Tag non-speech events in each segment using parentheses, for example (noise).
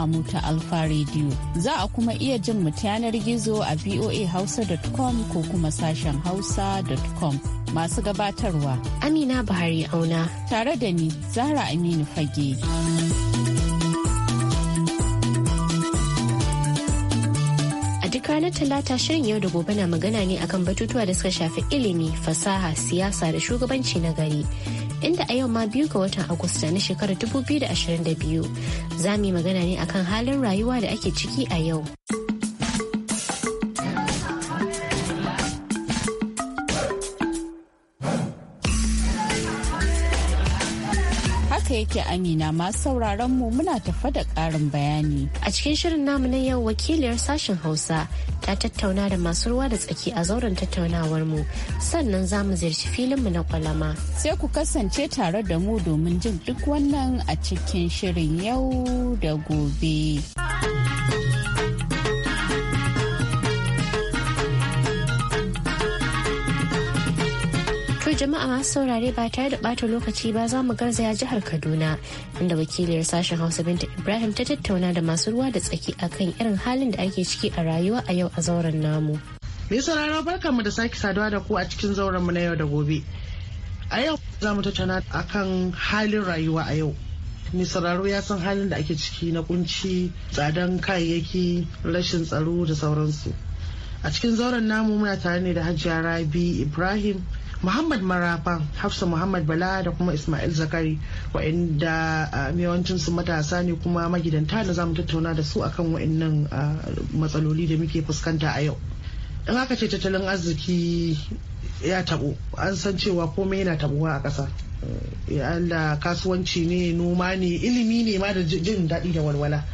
kama mu ta Alfa Radio. Za a kuma iya jin mu ta yanar gizo a voahausa.com ko kuma sashen hausa.com. Masu gabatarwa Amina Buhari Auna. Tare da ni Zahra Aminu Fage. ranar talata shirin yau da gobe na magana ne akan batutuwa da suka shafi ilimi fasaha siyasa da shugabanci na gari inda a yau ma biyu ga watan Agusta na shekarar 2022 za mu yi magana ne akan halin rayuwa da ake ciki a yau. haka yake amina masu sauraron mu muna tafa da ƙarin bayani. A cikin shirin namu na yau wakiliyar sashen Hausa ta tattauna da masu ruwa da tsaki a zauren tattaunawar mu sannan za mu ziyarci filin mu na kwalama. Sai ku kasance tare da mu domin jin duk wannan a cikin shirin yau da gobe. jama'a masu saurare ba tare da bata lokaci ba za mu garzaya jihar kaduna inda wakiliyar sashen hausa binta ibrahim ta tattauna da masu ruwa da tsaki akan irin halin da ake ciki a rayuwa a yau a zauren namu mai sauraro mu da sake saduwa da ku a cikin zauren mu na yau da gobe a yau za mu tattauna akan halin rayuwa a yau mai sauraro ya san halin da ake ciki na kunci tsadan kayayyaki rashin tsaro da sauransu a cikin zauren namu muna tare ne da hajiya rabi ibrahim muhammad marafan hafsa muhammad bala da kuma ismail zakari wa'inda ah, yawancin su matasa ne kuma magidanta da zamu tattauna da su akan wa'innan ah, matsaloli da muke fuskanta a yau in aka ce tattalin arziki ya tabo an san cewa komai yana tabuwa a ƙasa Allah kasuwanci ne noma ne ilimi ne ma da jin daɗi da walwala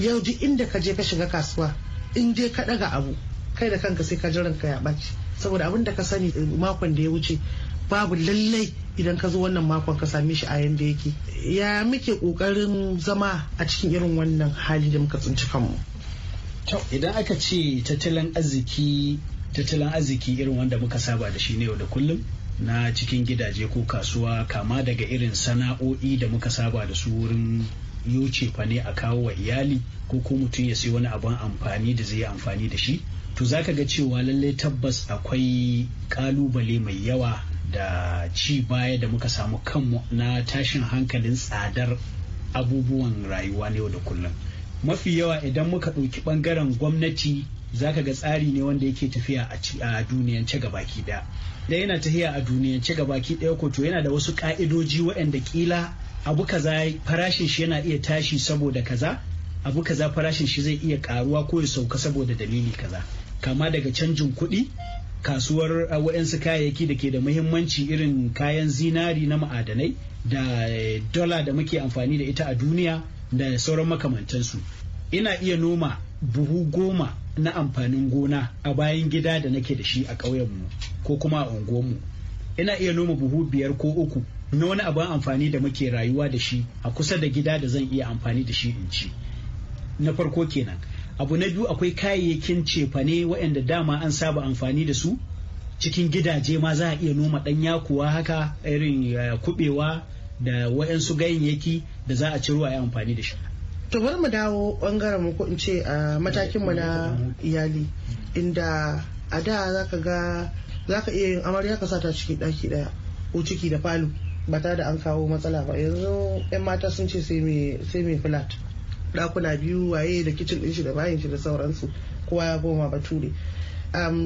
yau duk inda ka je ka shiga kasuwa in je ka ɗaga abu kai da kanka sai ka jiran ka ya ɓaci saboda abin da ka sani makon da ya wuce babu lallai idan ka zo wannan makon ka same shi a yanda yake ya muke kokarin zama a cikin irin wannan hali da muka tsinci kanmu idan aka ce tattalin arziki tattalin arziki irin wanda muka saba da shi ne yau da kullum na cikin gidaje ko kasuwa kama daga irin sana'o'i da muka saba da su wurin yuce fa ne a kawo wa iyali ko ko mutum ya sai wani abin amfani da zai yi amfani da shi to za ka ga cewa lallai tabbas akwai kalubale mai yawa da ci baya da muka samu kanmu na tashin hankalin tsadar abubuwan rayuwa na yau da kullum mafi yawa idan muka ɗauki ɓangaren gwamnati za ka ga tsari ne wanda yake tafiya a duniyance gabaki ɗaya da yana tafiya a duniyance gabaki ɗaya ko to yana da wasu ƙa'idoji waɗanda ƙila abu kaza farashin shi yana iya tashi saboda kaza abu kaza farashin shi zai iya karuwa ko ya sauka saboda dalili kaza kama daga canjin kuɗi kasuwar uh, waɗansu kayayyaki da ke da muhimmanci irin kayan zinari na ma'adanai da eh, dola da muke amfani da ita a duniya da sauran makamantansu ina iya noma buhu goma na amfanin gona a bayan gida da nake da shi a ƙauyenmu ko kuma a unguwanmu. ina iya noma buhu biyar ko uku na wani abin amfani da muke rayuwa da shi a kusa da gida da zan iya amfani da shi in ci na farko kenan abu na biyu akwai kayayyakin cefane waɗanda dama an saba amfani da su cikin gidaje ma za a iya noma ɗan yakuwa haka irin kubewa da waɗansu ganyayyaki da za a ciro a yi amfani da shi to bari mu dawo bangaren mu ko in ce a matakin mu na iyali inda a da zaka ga zaka iya yin amarya ka sata ciki daki daya ko ciki da falo ba da an kawo matsala ba yanzu yan mata sun ce sai mai flat ɗakuna biyu waye da kicin ɗin shi da bayan shi da sauransu kowa ya goma bature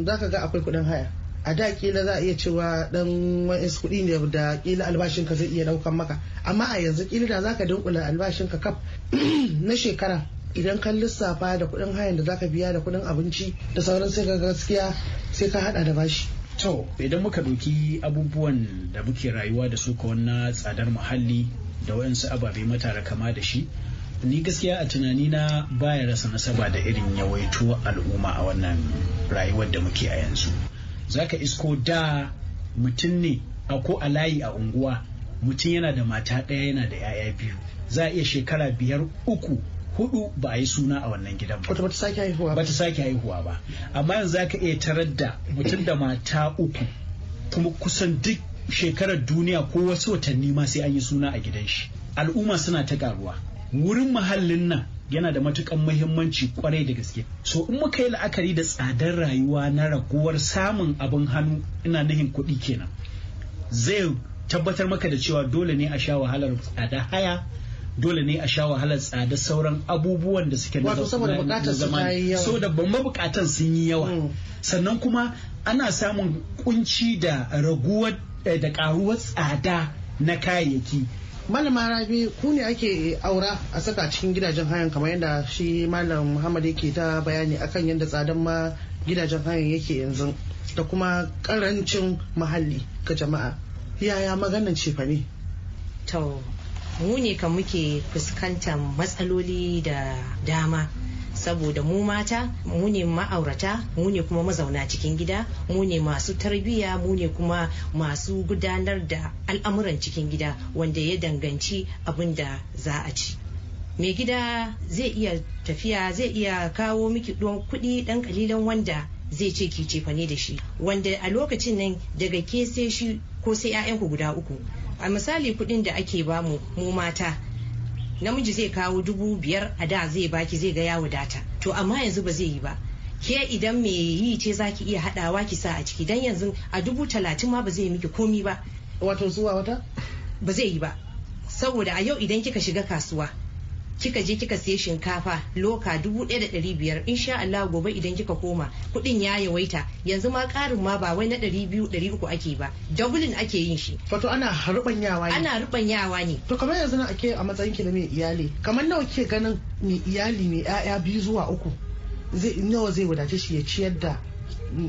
za ka ga akwai kuɗin haya a da kila za a iya cewa dan wa'insu kuɗi ne da kila albashin ka zai iya ɗaukan maka amma a yanzu kila da zaka albashin ka kaf (clears throat) na shekara idan ka lissafa da kuɗin hayan da zaka biya da kuɗin abinci da sauran sai ka gaskiya sai ka hada da bashi to idan muka ɗauki abubuwan da muke rayuwa da su ka wannan tsadar muhalli da wa'insu ababe matara kama da shi ni gaskiya a tunani na baya rasa nasaba da irin yawaito al'umma a wannan rayuwar da muke a yanzu zaka isko da mutum ne a ko a layi a unguwa mutum yana da mata ɗaya yana da 'ya'ya biyu za a iya shekara biyar uku hudu ba a yi suna a wannan gidan ba. Bata sake haihuwa ba. sake haihuwa ba. Amma yanzu zaka iya tarar da mutum da mata uku kuma kusan duk shekarar duniya ko wasu watanni ma sai an yi suna a gidan shi. Al'umma suna ta karuwa. wurin muhallin nan yana da matukan muhimmanci kwarai da gaske so in muka yi la'akari da tsadar rayuwa na raguwar samun abin hannu ina nihin kuɗi kenan zai tabbatar maka da cewa dole ne a sha wahalar tsada haya dole ne a sha wahalar tsada sauran abubuwan da suke da saboda bukatar bukatan sun yi yawa mm. sannan kuma ana samun kunci da raguwar eh, da karuwar tsada na kayayyaki malama rabi ku ne ake aura a saka cikin gidajen hanyar kamar yadda shi malam muhammad yake ta bayani akan yadda tsadan ma gidajen hayan yake yanzu da kuma karancin muhalli ga jama'a yaya maganan cefa ne to mu ne kan muke fuskantar matsaloli da dama saboda mu mata mu ne ma'aurata mu ne kuma mazauna cikin gida mu ne masu tarbiyya mu ne kuma masu gudanar da al'amuran cikin gida wanda ya danganci abin da za a ci mai gida zai iya tafiya zai iya kawo miki don kuɗi ɗan kalilan wanda zai ce ki fane da shi wanda a lokacin nan daga ke sai shi ko sai 'ya'yanku guda uku a misali kuɗin da ake bamu mu mata namiji zai kawo dubu biyar a da zai baki zai ga ya data to amma yanzu ba zai yi ba ke idan me yi ce zaki iya hadawa ki sa a ciki dan yanzu a dubu talatin ma ba zai miki komi ba wato zuwa wata ba zai yi ba saboda a yau idan kika shiga kasuwa kika je kika siya shinkafa loka dubu ɗaya da ɗari biyar insha Allah gobe idan kika koma kuɗin ya yawaita yanzu ma ƙarin ma ba wai na ɗari biyu ɗari uku ake ba dabulin ake yin shi. Wato ana ruɓanyawa ne. Ana ruɓanyawa ne. To kamar yanzu na ake a matsayin ki na mai iyali kamar nawa ke ganin mai iyali mai ƴaƴa biyu zuwa uku zai nawa zai wadace shi ya ciyar da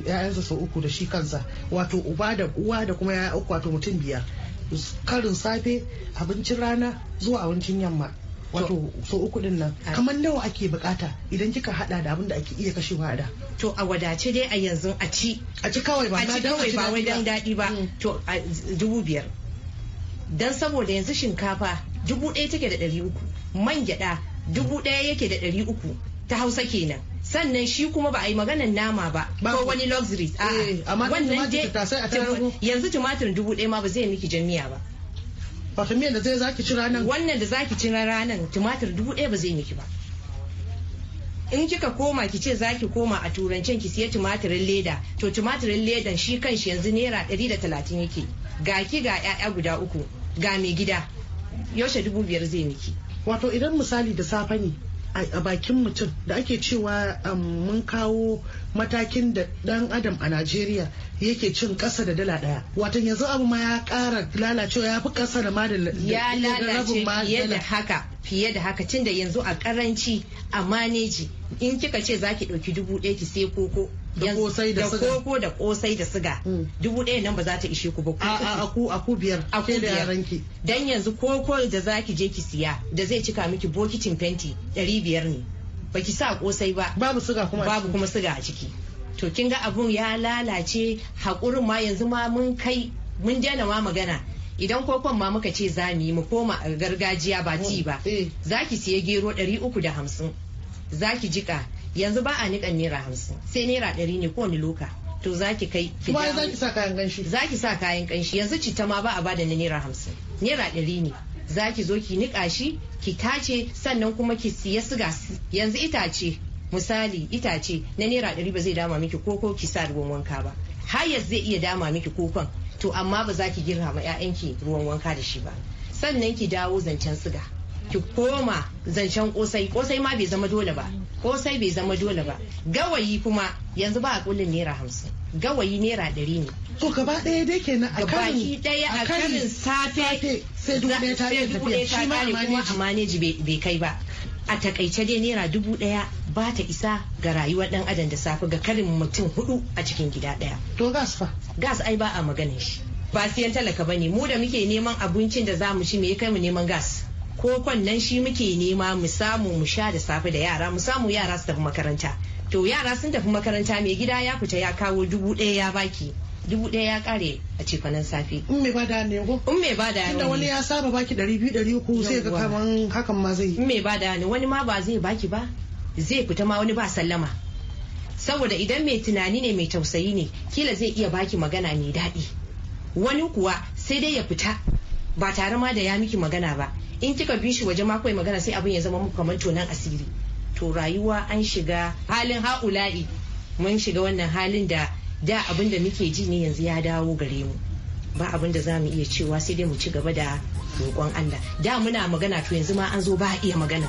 ya'yansa sau uku da shi kansa wato uba da uwa da kuma ya'ya uku wato mutum biyar karin safe abincin rana zuwa abincin yamma wato so uku din nan kamar nawa ake bukata idan kika hada da abin da ake iya kashewa da to a wadace dai a yanzu a ci a ci kawai ba na kawai ba wai dan dadi ba mm. to a dubu biyar dan saboda yanzu shinkafa dubu ɗaya take da ɗari uku man gyaɗa dubu ɗaya yake da ɗari uku ta hausa kenan sannan shi kuma ba a yi maganar nama ba ko wani luxury eh, a wannan dai yanzu tumatir dubu ɗaya ma ba zai miki jamiya ba Wato miyan da zai zaki ci ranar? Wannan da zaki ci ranar tumatir dubu ɗaya ba zai miki ba. In kika koma ki ce zaki koma a turancin ki siya tumatirin leda to tumatirin ledan shi kan shi yanzu naira ɗari da talatin yake. Ga ki ga 'ya'ya guda uku ga mai gida yaushe dubu biyar zai miki. Wato idan misali da safe ne a bakin mutum da ake cewa um, mun kawo matakin da dan adam a najeriya yake cin kasa da dala daya watan yanzu abu ma ya kara lalacewa ya fi kasa da ma da ya lalace fiye da haka fiye da haka da yanzu a karanci a maneji in kika ce za ki dauki dubu ɗaya ki sai koko da kosai da siga koko da kosai da siga mm. dubu ɗaya nan ba za ta ishe ku ba a ku a ku biyar a ku biyar dan yanzu koko da za ki je ki siya da zai cika miki bokitin fenti ɗari biyar ne baki sa kosai ba babu suga kuma babu kuma suga a ciki to kin ga abun ya lalace hakurin ma yanzu ma mun kai mun daina ma magana idan kokon ma muka ce za mu yi mu koma gargajiya ba ci ba mm, eh. za ki siya gero 350 za ki jika yanzu ba a niƙan naira hamsin sai naira ɗari ne kowane loka to za ki kai kuma za ki sa kayan kanshi. za ki sa kayan kanshi yanzu citta ma ba a bada ni naira hamsin naira ɗari ne za ki zo ki niƙa shi ki tace sannan kuma ki siya siga yanzu itace misali itace na naira ɗari ba zai dama miki koko ki sa ruwan wanka ba Har hayas zai iya dama miki kokon to amma ba za ki girma ma 'ya'yanki ruwan wanka da shi ba sannan ki dawo zancen siga ki koma zancen kosai kosai ma bai zama dole ba kosai bai zama dole ba gawayi kuma yanzu ba a kullin naira hamsin gawayi naira ɗari ne to gaba ɗaya dai kenan a kan ɗaya a kan safe sai dubu ɗaya ta tafiya shi ma a maneji bai kai ba a takaice dai naira dubu ɗaya ba ta isa ga rayuwar ɗan adam da safe ga karin mutum hudu a cikin gida ɗaya to gas fa gas ai ba a maganin shi ba siyan talaka bane mu da muke neman abincin da za mu ci me ya kai mu neman gas Ko kwannan shi muke nema mu samu mu sha da safe da yara mu samu yara su tafi makaranta to yara sun tafi makaranta mai gida ya fita ya kawo dubu ɗaya ya baki dubu ɗaya ya kare a cefanen safe. In mai bada ne ko? In mai bada ne. Tunda wani ya saba baki ɗari biyu ɗari uku sai ga kaman hakan ma zai. In mai bada ne wani ma ba zai baki ba zai fita ma wani ba sallama. Saboda idan mai tunani ne mai tausayi ne kila zai iya baki magana mai daɗi. Wani kuwa sai dai ya fita ba tare ma da ya miki magana ba in kika bi shi waje ma kawai magana sai abin ya zama muku kamar tonan asiri to rayuwa an shiga halin ha'ula'i mun shiga wannan halin da da abin da muke ji ne yanzu ya dawo gare mu ba abin da za mu iya cewa sai dai mu ci gaba da roƙon Allah da muna magana to yanzu ma an zo ba iya magana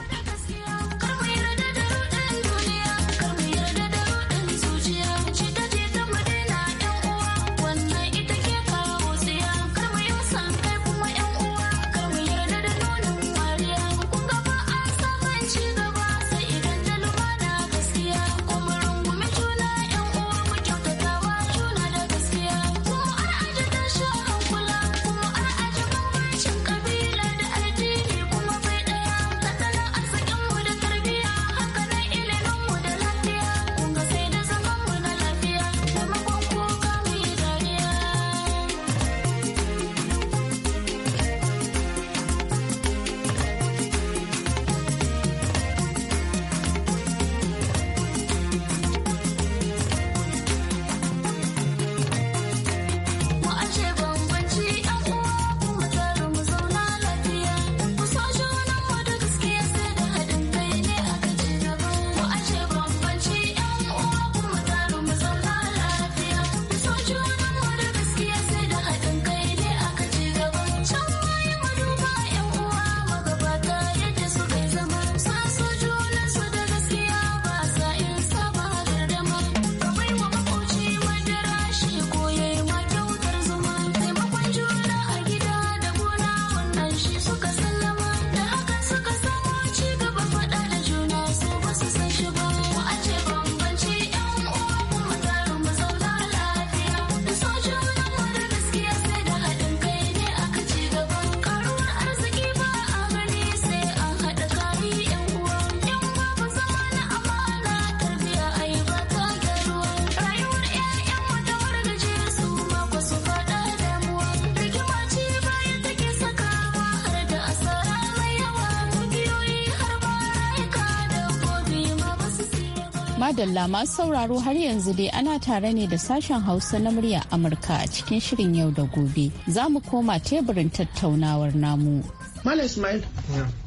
madalla masu sauraro har yanzu dai ana tare ne da sashen hausa na murya amurka a cikin shirin yau da gobe za mu koma teburin tattaunawar namu malam ismail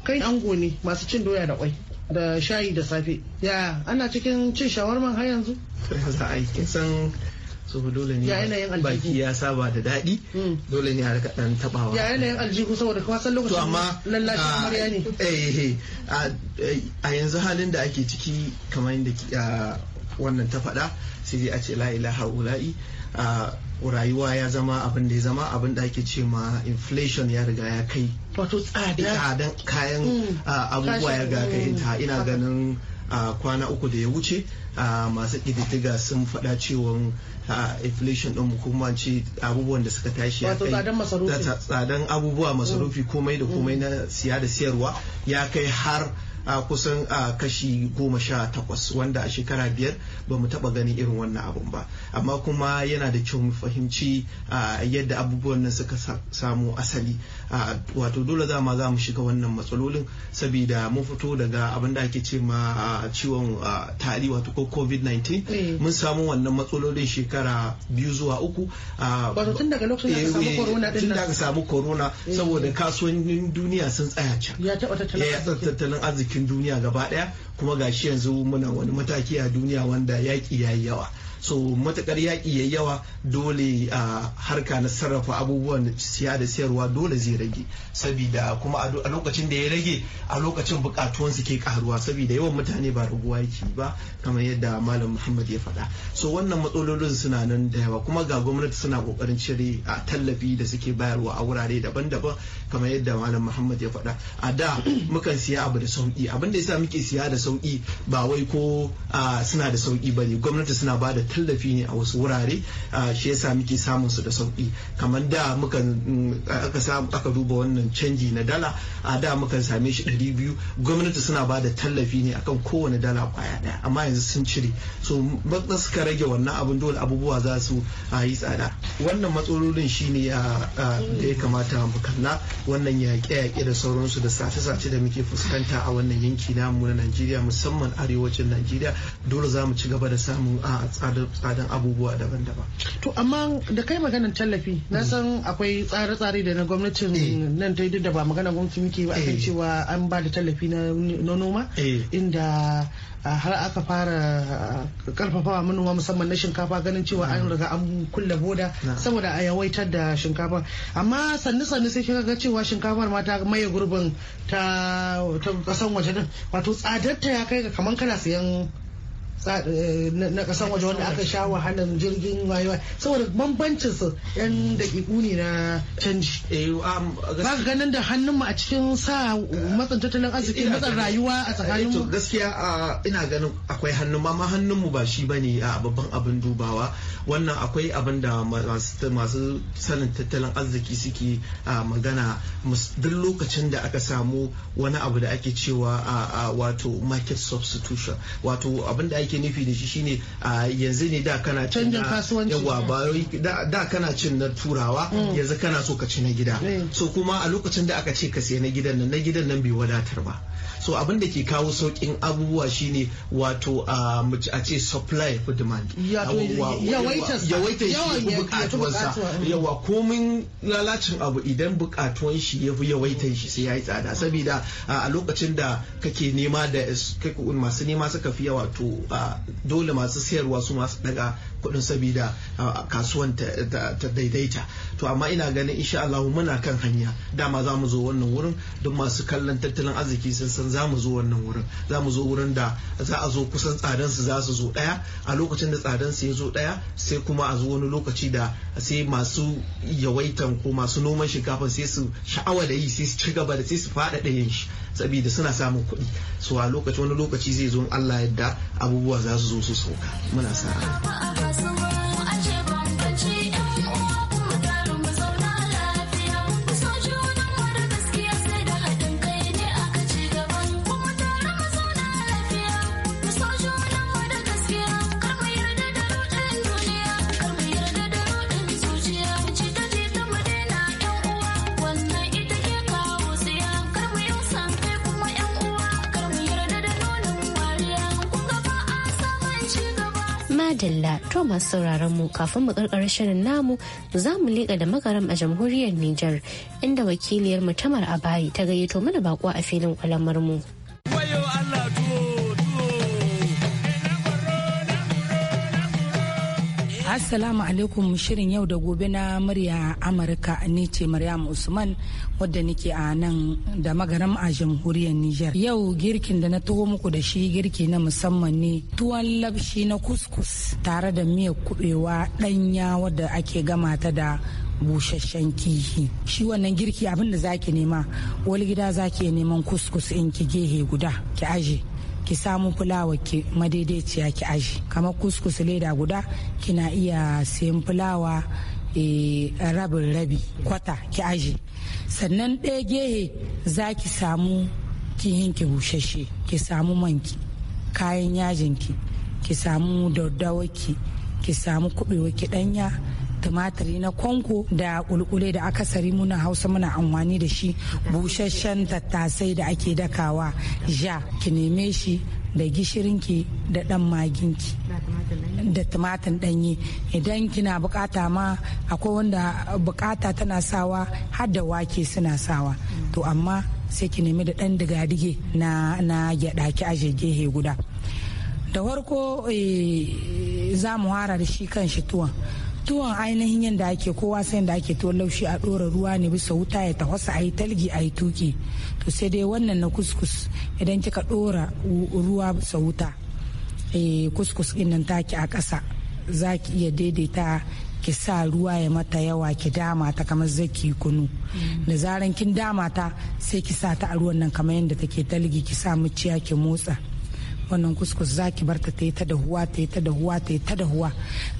kai ango ne masu cin doya da kwai da shayi da safe ya ana cikin cin shawarman har yanzu so dole ne baki ya saba da daɗi hmm. dole ne a rika dan tabawa ya yanayin aljihu saboda kuma san lokacin amma lallashi ah, amarya ne eh, eh, eh a yanzu halin da ake ciki kamar yadda wannan ta faɗa sai dai a ce la ilaha ula'i rayuwa ya zama abin da ya zama abin da ake ce ma inflation ya riga ya kai wato tsadan kayan hmm. abubuwa ya riga kai ta ina hmm. ganin kwana uku da ya wuce masu ƙididdiga sun faɗa cewa a inflation din kuma ce abubuwan da suka tashi ya kai tsadan abubuwa masarufi mm. komai da komai mm. na siya da siyarwa ya kai har a kusan a kashi goma sha takwas wanda a shekara biyar ba mu taɓa ganin irin wannan abun ba amma kuma yana da kyau mu fahimci yadda abubuwan nan suka samu asali wato dole za ma za mu shiga wannan matsalolin saboda mun fito daga abin da ake ce ma ciwon tari wato ko covid-19 mm. mun samu wannan matsalolin shekara biyu zuwa uku wato tun daga lokacin da ka samu eh, eh, samu corona mm. saboda kasuwannin duniya sun tsaya can ya taɓa tattalin eh, arziki arzikin duniya gaba daya kuma gashi yanzu muna wani mataki a duniya wanda yaki ya yi yawa so matakar yaƙi ya yawa dole a harka na sarrafa abubuwan siya da siyarwa dole zai rage sabida kuma a lokacin da ya rage a lokacin bukatuwan su ke karuwa sabida yawan mutane ba raguwa yake ba kamar yadda malam muhammad ya faɗa so wannan matsalolin suna nan da yawa kuma ga gwamnati suna kokarin cire a tallafi da suke bayarwa a wurare daban-daban kamar yadda malam muhammad ya faɗa a da (clears throat) mukan siya abu da sauki abin da yasa muke siya da sauki ba wai ko suna da sauki ne. gwamnati suna ba da tallafi ne a wasu wurare shi yasa muke samun su da sauki kamar da muka aka samu aka duba wannan canji na dala a da muka same shi biyu gwamnati suna ba da tallafi ne akan kowane dala kwaya daya amma yanzu sun cire so bakta suka rage wannan abin dole abubuwa za su yi tsada wannan matsalolin shine da ya kamata mu kalla wannan yaƙe-yaƙe da sauransu da sace-sace da muke fuskanta a wannan yanki namu na Najeriya musamman arewacin Najeriya dole za mu ci gaba da samun a tsada abubuwa daban-daban. To amma da kai maganar tallafi na mm. san akwai tsare-tsare da na gwamnatin eh. nan ta yi duk da ba magana gwamnati muke ba akan eh. cewa an ba da tallafi na noma eh. inda ah, har aka fara ah, karfafawa manoma musamman na shinkafa ganin cewa an mm. riga an kulle boda saboda a yawaitar da shinkafa amma sannu sannu sai kika ga cewa shinkafar ma ta maye gurbin ta kasan waje din wato ta ya kai ga kamar kana sayan Eh, na kasan waje wanda aka sha wahalar jirgin wayewa saboda bambancin su yan da ne na canji ba eh, um, ga ganin da hannun a cikin sa matsan tattalin arziki matsan rayuwa a tsakanin eh, mu gaskiya ina ganin akwai hannun ma hannun mu ba shi bane a babban abin dubawa wannan akwai abin da masu sanin tattalin arziki suke magana duk lokacin da aka samu wani abu da ake cewa wato market substitution wato abin da ake nufi da shi shine a yanzu ne da kana canjin kasuwanci yawa ba da kana cin na turawa mm. yanzu kana so ka ci na gida mm. so kuma a lokacin da aka ce ka siya na gidan nan na gidan nan bai wadatar ba so abin da ke kawo saukin abubuwa shine wato a ce supply for demand yawa komin lalacin abu idan bukatuwan shi ya fi yawaitan shi sai ya yi tsada saboda a lokacin da kake nema da masu nema suka fi yawa to dole masu sayarwa su masu daga kuɗin sabida kasuwan ta daidaita to amma ina ganin insha Allah muna kan hanya dama za mu zo wannan wurin duk masu kallon tattalin arziki sun san za mu zo wannan wurin za mu zo wurin da za a zo kusan tsadan su za su zo ɗaya a lokacin da tsadan su ya zo ɗaya sai kuma a zo wani lokaci da sai masu yawaitan ko masu noman shinkafa sai su sha'awa da yi sai su ci gaba da sai su faɗaɗa yin shi saboda suna samun kuɗi so a lokaci wani lokaci zai zo Allah yadda abubuwa za su zo su sauka muna sa'a madalla to masu sauraron mu kafin mu karkar shirin namu za mu leƙa da makaram a jamhuriyar Nijar inda wakiliyar mu Tamar Abayi ta gayyato mana bako a filin kwalamar mu. Assalamu alaikum shirin yau da gobe na murya Amurka ne ce Maryam Usman wadda nake a nan da magaram a jamhuriyar Nijar. Yau girkin da na taho muku da shi girki na musamman ne tuwon labshi na kuskus tare da miyar kubewa ɗanya wadda ake gama ta da busasshen kihi shi wannan girki abin da zaki nema wani gida zaki neman kuskus in ki gehe guda ki aje ki samu fulawa ki madaidaiciya ki aji kamar kuskus leda guda kina iya sayan fulawa e, rabin rabi kwata ki aji sannan ɗaya gehe za ki samu kihin ki bushashe ki samu manki kayan yajinki ki samu daddawaki ki samu kuɓewa ki ɗanya tumatiri na konko da kulkule da akasari muna hausa muna amfani da shi busasshen tattasai da ake dakawa ja ki neme shi da gishirinki da dan maginki da tumatir danyi idan kina bukata ma akwai wanda bukata tana sawa har da wake suna sawa to amma sai ki nemi da dan digadige na na gyada ki aje gehe guda da farko eh, za mu hara da shi kan shi tuwon tuwon ainihin yadda ake kowa sai da ake tuwon laushi a ɗora ruwa ne bisa wuta ya tafasa a yi talgi a yi tuki to sai dai wannan na kuskus idan kika ɗora ruwa bisa wuta eh, kuskus ɗin nan taki a ƙasa za ki iya daidaita ki sa ruwa ya mata yawa ki dama ta kamar zaki kunu mm. da zaran kin dama ta sai ki sa ta a ruwan nan kamar yadda take talgi ki sa muciya ki motsa wannan kuskus za ki barta ta yi ta dahuwa ta yi ta dahuwa ta yi ta dahuwa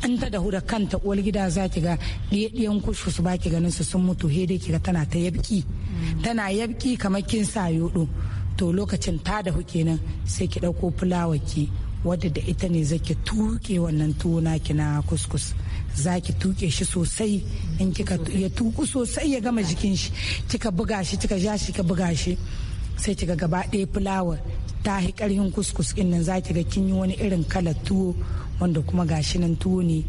an ta dahu da kanta uwar gida za ki ga ɗiyaɗiyan kuskus ba ki ganin su sun mutu he dai ki ga tana ta yabki mm. tana yabki kamar kin sa yodo to lokacin ta dahu kenan sai ki ɗauko fulawar ki wadda da ita ne zaki tuke wannan tuwo naki na kuskus za ki tuke shi sosai in kika ya tuku sosai ya gama jikin shi kika buga shi kika ja shi kika buga shi sai kiga gaba ɗaya fulawa ta yi ƙarfin kuskus ɗin nan za ga kin yi wani irin kalar tuwo wanda kuma gashi nan tuwo ne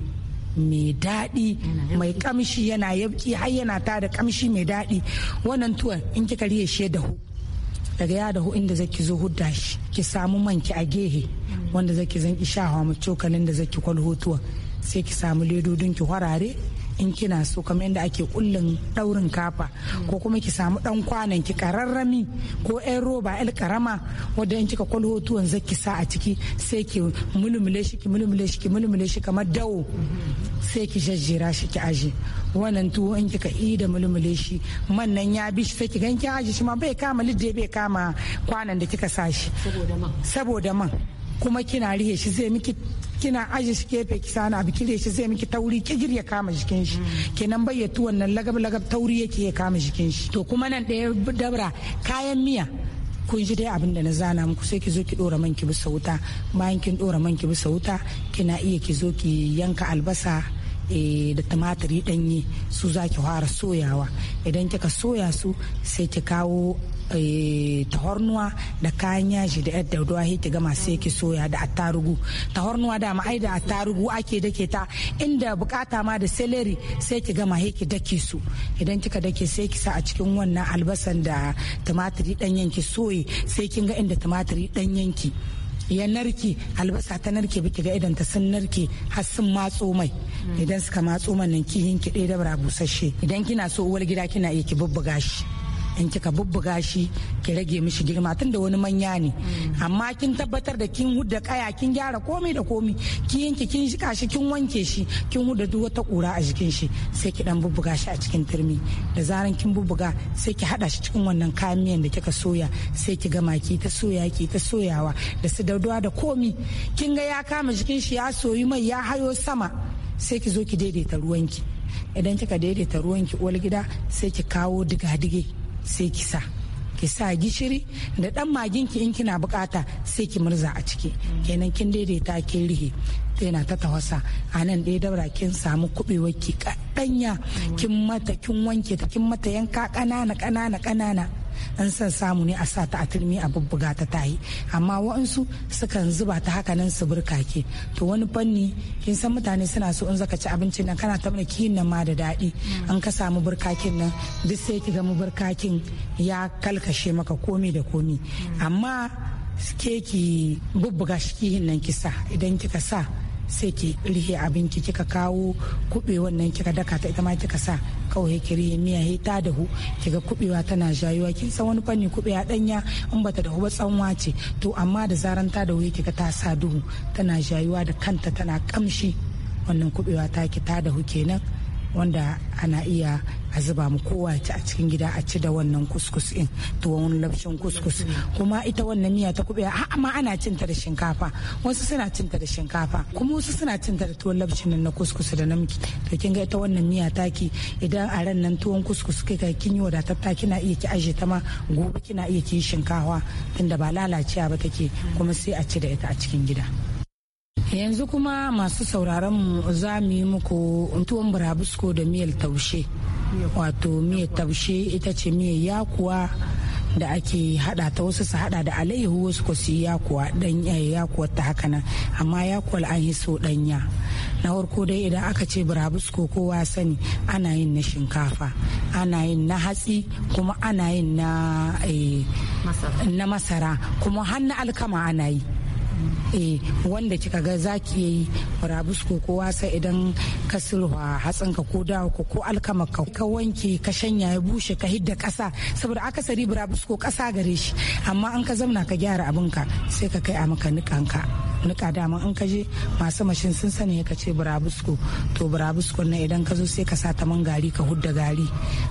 mai daɗi mai kamshi yana yabki har yana ta da kamshi mai daɗi wannan tuwon in kika riye shi dahu daga ya dahu inda zaki zo hudda shi ki samu manki a gehe wanda zaki zan ki sha hawa cokalin da zaki kwalho tuwon sai ki samu ledodin ki harare in kina so kamar yadda ake kullun daurin kafa ko kuma ki samu dan kwanan ki kararrami ko yan roba yan karama wanda in kika kwalho tuwon zaki sa a ciki sai ki mulmule shi ki mulmule shi ki mulmule shi kamar dawo sai ki jajjera shi ki aje wannan tuwo in kika yi da mulmule shi man nan ya bi shi sai ki gan ki aje shi ma bai kama lidde bai kama kwanan da kika sa shi saboda man kuma kina rihe shi zai miki kina aje shi gefe ki sani abu kire shi zai miki tauri kigir ya kama jikin shi mm. kenan bayyatu wannan lagab lagab tauri yake ya kama jikin shi to kuma nan ɗaya dabra kayan miya kun ji dai abin da na zana muku sai ki zo ki dora man ki bisa wuta bayan kin dora man ki bisa wuta kina iya ki zo ki yanka albasa Eh, da tumatiri ɗanye su za ki fara soyawa idan kika soya su sai ki kawo eh, tahornuwa da kayan yaji da yadda ruwa ki gama sai ki soya da attarugu tahornuwa da ai da attarugu ake dake ta inda bukata ma da celery sai ki gama ki dake su idan kika dake sai ki sa a cikin wannan albasan da tumatiri ɗanyen ki soye sai kin ga inda tumatiri ɗanyen ki ya narke albasa ta narke biki ga idan ta sun narke har sun matso mai idan suka matso man nan kihin ki da dabara busasshe idan kina so uwar gida kina iya ki bubbuga shi in kika bubbuga shi ki rage mishi girma tun da wani manya ne mm. amma kin tabbatar da kin hudda kaya kin gyara komai da komai ki yanke kin shika shi kin wanke shi kin hudda duk wata kura a jikin shi sai ki dan bubbuga shi a cikin turmi da zaran kin bubbuga sai ki hada shi cikin wannan kayan miyan da kika soya sai ki gama ki ta soya ki ta soyawa da su daudawa da komai kin ga ya kama jikin shi ya soyi mai ya hayo sama sai ki zo ki daidaita ruwanki idan kika daidaita ruwanki uwar gida sai ki kawo diga-dige sai ki sa ki sa gishiri da dan magin in kina bukata sai ki murza a ciki kenan kin daidaita kin rihe yana ta tawasa a nan dai daura kin samu kuɓewar ki kaɗanya kin mata kin wanke ta kin mata yanka ƙanana ƙanana. ƙanana an san samu ne a sa ta a turmi a bubbuga ta tayi amma wa'ansu sukan zuba ta haka nan su ke to wani fanni kin san mutane suna so in zaka ci abincin nan kana ta kiyin nan ma da daɗi an ka samu burkakin nan duk sai ki ga mu burkakin ya kalkashe maka komi da komi amma keki bubbuga shi nan kisa idan kika sa sai ki rihe abinki kika kawo kube wannan kika daka ta ita ma kika sa kawai ki rihe miya he ta dahu kiga kubewa tana jayuwa kin san wani fanni kube ya danya in bata dahu ba tsanwa wace to amma da zaran ta dahu kiga ta sa duhu tana jayuwa da kanta tana kamshi wannan kubewa ta ki ta dahu kenan wanda ana iya a zuba mu kowa ci a cikin gida a ci da wannan kuskus in tuwon lafshin kuskus kuma ita wannan miya ta kuɓewa a ma ana cinta da shinkafa wasu suna cinta da shinkafa kuma wasu suna cinta da tuwon lafshin na kuskus da namki to kin ga ita wannan miya taki idan a ran nan tuwon kuskus kai kin yi ta kina iya ki aje ta ma gobe kina iya ki shinkafa tunda ba lalacewa ba take kuma sai a ci da ita a cikin gida. yanzu kuma masu sauraron mu za mu yi muku tuwon burabusko da miyar taushe wato miyar taushe ita ce miyar yakuwa da ake hada ta wasu su hada da alayyahu wasu ko su yakuwa dan eh, yakuwa ta haka nan amma yakwal an yi so danya na farko dai idan aka ce burabusko kowa sani ana yin na shinkafa ana yin na hatsi kuma ana yin na eh, masara kuma har na alkama ana yi eh wanda kika ga zaki yi rabus ko kowa sai idan ka sulwa hatsin ka ko dawo ko ko alkama ka ka wanke ka shanya ya bushe ka hidda kasa saboda akasari rabus ko kasa gare shi amma an ka zamna ka gyara abinka sai ka kai a maka nikanka nika dama in ka je masu mashin sun sani ya kace burabusko to burabusko na idan ka zo sai ka sa taman gari ka hudda gari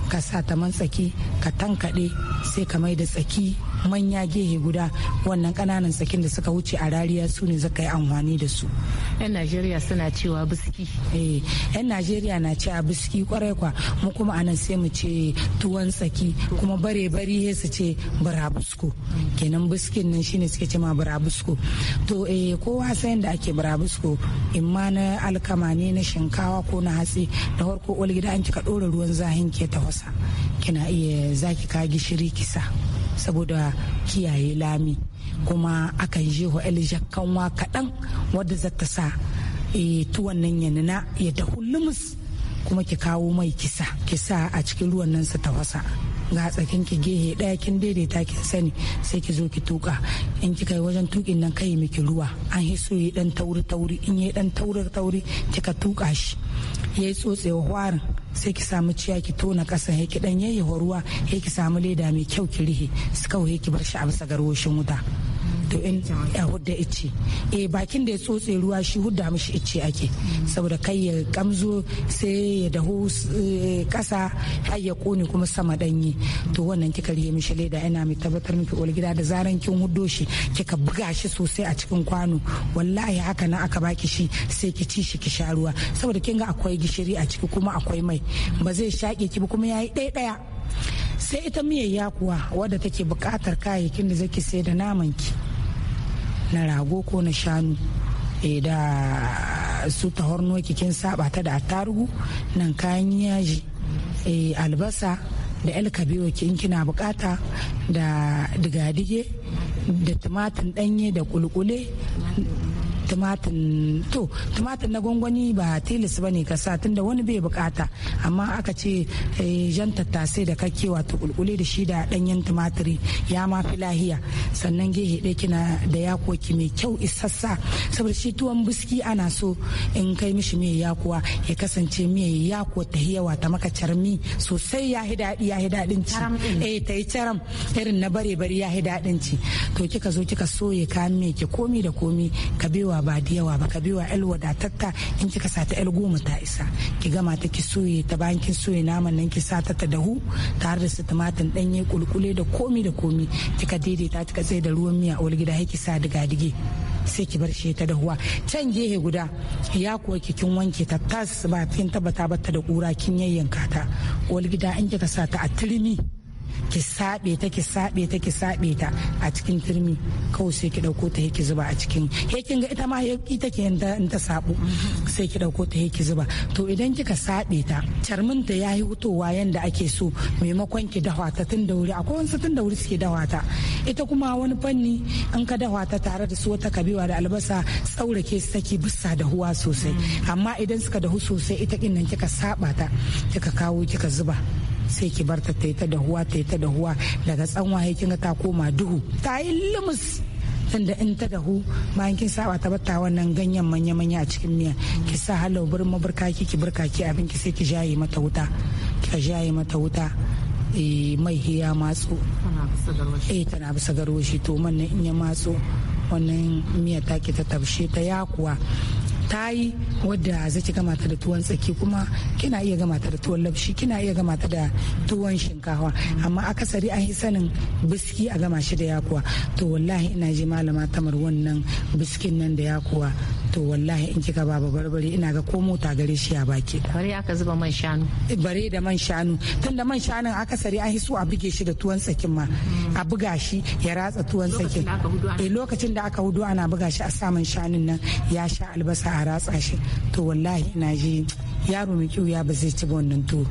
ka sa taman tsaki ka tankaɗe sai ka mai da tsaki manya gehe guda wannan kananan tsakin da suka wuce a rariya su ne zaka yi amfani da su yan najeriya suna cewa biski eh yan najeriya na ce a biski kwarai kwa mu kuma anan sai mu ce tuwon tsaki kuma bare bari su ce burabusko kenan biskin nan shine suke ce ma burabusko to eh kowa sayan da ake burabusko in ma na alkama ne na shinkawa ko na hatsi da farko uwar gida an kika ɗora ruwan zahin ke tafasa kina iya zaki ka gishiri kisa saboda kiyaye lami kuma akan je wa kanwa kaɗan wadda za ta sa eh, tuwon nan ya ya dahu lumus kuma ki kawo mai kisa kisa a cikin ruwan nan su tafasa ga tsakin ki gehe ɗaya kin daidaita kin sani sai ki zo ki tuka in kika yi wajen tukin nan kai miki ruwa an hiso yi dan tauri tauri in yi dan tauri tauri kika tuka shi yayi tsotsewa hwarin sai ki samu ciya ki tona kasa ya ki dan yayyawa ruwa ya ki samu leda mai kyau ki rihe su kawai ki bar shi a bisa garwoshin wuta hudda a hudda ice eh bakin da ya tsotse ruwa shi hudda mishi ice ake saboda kai ya kamzo sai ya dahu kasa eh, har ya kone kuma sama danyi to wannan kika rihe mishi leda ina mai tabbatar miki uwar gida da zaran kin huddo shi kika buga shi sosai a cikin kwano wallahi haka nan aka baki shi sai ki ci shi ki sha ruwa saboda kin ga akwai gishiri a ciki kuma akwai mai ba zai shaƙe ki ba kuma yayi ɗaya ɗaya sai ita miyayya kuwa wadda take buƙatar kayayyakin da zaki sai da naman ki na rago ko na shanu eh, da su horno kikin saba ta da attarugu nan kayan yaji eh, albasa da alkabewa in kina bukata da digadige da tumatin danye da kulkule tumatin to tumatin na gwangwani ba tilis ba ne kasa sa da wani bai bukata amma aka ce eh, jan tattasai da kake wato kulkule da shi da danyen tumatiri ya ma fi lahiya sannan gehe ɗaya kina da yakoki mai kyau isassa saboda shi tuwon biski ana so in kai mishi mai yakuwa ya kasance mai yakuwa ta yawa ta maka carmi sosai ya hi daɗi ya hi daɗin ci eh ta yi caram irin na bare bare ya hi daɗin ci to kika zo kika soye kayan mai ki komi da komi ka bewa ba da yawa ba ka biwa el wadatatta in kika sa ta goma ta isa ki gama ta ki soye ta bayan kin soye naman nan ki sa ta ta dahu tare da su tumatir danye kulkule da komi da komi kika daidaita kika tsaye da ruwan miya a gida haki sa diga dige sai ki bar shi ta dahuwa can gehe guda ya kuwa kin wanke ta tas ba kin tabbata ba ta da kura kin yayyanka ta wani gida in kika sa a turmi ki sabe ta ki sabe ta ki sabe ta a cikin turmi kawai sai ki dauko ta ki zuba a cikin hekin kin ga ita ma ita ke in ta sabo sai ki dauko ta ki zuba to idan kika sabe ta charmin ta yayi hutowa yanda ake so maimakon ki dawa ta tun da wuri akwai wasu tun da wuri suke dawa ta ita kuma wani fanni an ka dawa ta tare da su wata kabiwa da albasa tsaurake su saki bisa da huwa sosai amma idan suka dahu sosai ita kin nan kika saba ta kika kawo kika zuba sai ki barta ta yi ta dahuwa ta yi ta dahuwa daga tsanwa ya ga ta koma duhu ta yi limus tunda in ta dahu bayan kin saba ta bata wannan ganyen manya-manya a cikin miya ki sa halau burin maburkaki ki burkaki abin ki sai ki jaye mata wuta ki jaye mata wuta eh, mai hiya matso eh tana bisa garwashi to man in ya matso wannan miya ta ki ta tabshe ta yakuwa ta yi wadda zaki gama ta da tuwon tsaki kuma kina iya gama ta da tuwon labshi kina iya gama ta da tuwon shinkawa amma akasari an yi sanin biski a gama shi da yakuwa to wallahi ina ji malama tamar wannan biskin nan da yakuwa to wallahi in kika ba barbare ina ga ko mota gare shi ya baki bare aka zuba man shanu bare da man shanu tun da man shanun akasari an hisu a buge shi da tuwon tsakin ma a buga shi ya ratsa tuwon tsakin eh, lokacin da aka hudu ana buga shi a saman shanun nan ya sha albasa a ratsa shi to wallahi ina ji yaro mai kyau ya ba zai ci wannan tuwo.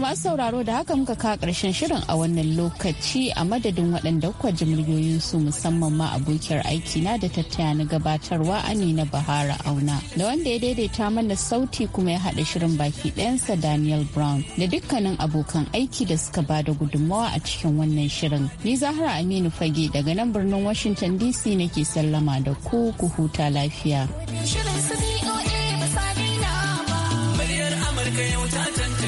masu sauraro da haka muka kawo karshen shirin a wannan lokaci a madadin waɗanda kuwa ji su musamman ma abokiyar aiki na da tattaya na gabatarwa Amina Bahara Auna. Da wanda ya daidaita mana sauti kuma ya haɗa shirin baki ɗayansa Daniel Brown da dukkanin abokan aiki da suka ba da gudunmawa a cikin wannan shirin. Ni Zahra Aminu Fage daga nan birnin Washington DC nake sallama da ku ku huta lafiya. Muryar Amurka yau